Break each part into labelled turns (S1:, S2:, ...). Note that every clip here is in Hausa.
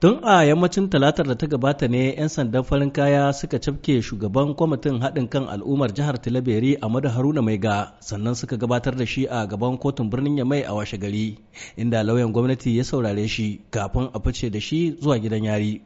S1: Tun a yammacin talatar da ta gabata ne 'yan sandan farin kaya suka cafke shugaban kwamitin haɗin kan al'ummar jihar Tilaberi Amadu Haruna Maiga sannan suka gabatar da shi a gaban kotun birnin Yamai a washe gari inda lauyan gwamnati ya saurare shi kafin a fice da shi zuwa gidan yari.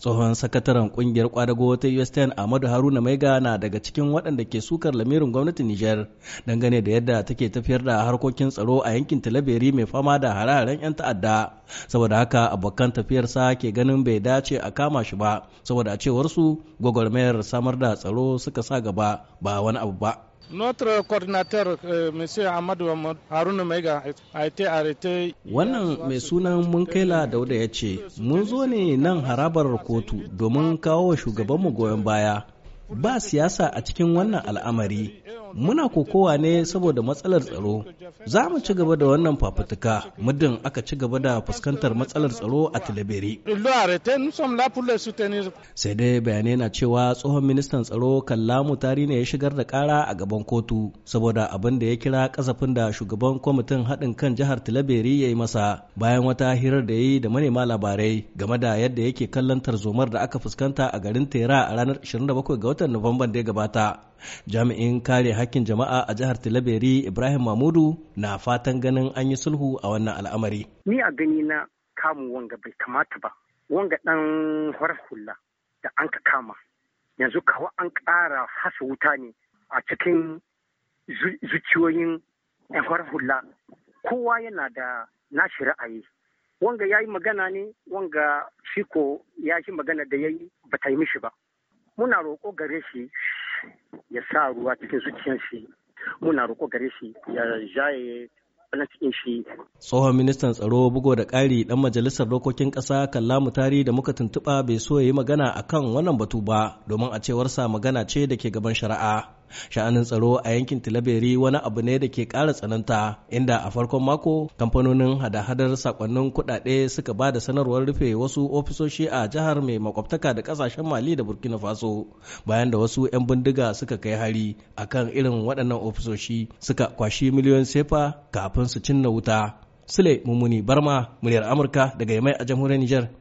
S1: tsohon sakataren kungiyar kwadago ta USTN Ahmadu Haruna Maiga na daga cikin waɗanda ke sukar lamirin gwamnatin Nijar dangane da yadda take tafiyar da harkokin tsaro a yankin Talaberi mai fama da hare-haren 'yan ta'adda. Saboda haka abokan tafiyarsa ke ganin bai dace a kama shi ba saboda a cewar su gwagwarmayar samar da tsaro suka sa gaba ba wani abu ba. Notre coordinateur, euh, M. Amadou Haruna Maiga, a été arrêté. Wannan mai sunan Munkaila Dauda ya ce, Mun zo ne nan harabar kotu domin kawo wa shugabanmu goyon baya. Ba siyasa a cikin wannan al'amari. Muna kokowa ne saboda matsalar tsaro. Za mu ci gaba da wannan fafutuka muddin aka ci gaba da fuskantar matsalar tsaro a Tilaberi. Sai dai bayanai na cewa tsohon ministan tsaro Kallamu Tari ne ya shigar da kara a gaban kotu saboda abin da ya kira kasafin da shugaban kwamitin haɗin kan jihar Tilaberi ya yi masa bayan wata hirar da ya yi da manema labarai game da yadda yake kallon tarzomar da aka fuskanta a garin Tera a ranar 27 ga watan Nuwamban da ya gabata. jami'in kare hakkin jama'a a jihar tilaberi ibrahim mamudu na fatan ganin an yi sulhu a wannan al'amari
S2: ni a gani na kamun wanga bai kamata ba wanga ɗan hula da an ka kama yanzu kawo an ƙara hasa wuta ne a cikin zuciyoyin
S1: yan hula
S2: kowa yana da nashi ra'ayi wanga ya yi magana ne wanga shi ko ya yi magana da ya yi ba ta yi mishi ba muna roƙo gare shi ya sa ruwa cikin zuciyar shi muna roƙo gare shi ya jaye na cikin shi.
S1: Tsohon ministan tsaro bugo da ƙari ɗan majalisar dokokin ƙasa Kallamu Tari da muka tuntuɓa bai so ya yi magana akan wannan batu ba domin a cewarsa magana ce da ke gaban shari'a. sha'anin tsaro a yankin tilaberi wani abu ne da ke ƙara tsananta inda a farkon mako kamfanonin hada-hadar sakonnin kuɗaɗe suka ba da sanarwar rufe wasu ofisoshi a jihar mai makwabtaka da ƙasashen mali da burkina faso bayan da wasu 'yan bindiga suka kai hari akan irin waɗannan ofisoshi suka kwashi miliyon sefa kafin su cinna wuta sule mummuni barma muryar amurka daga yamai a jamhuriyar Nijar.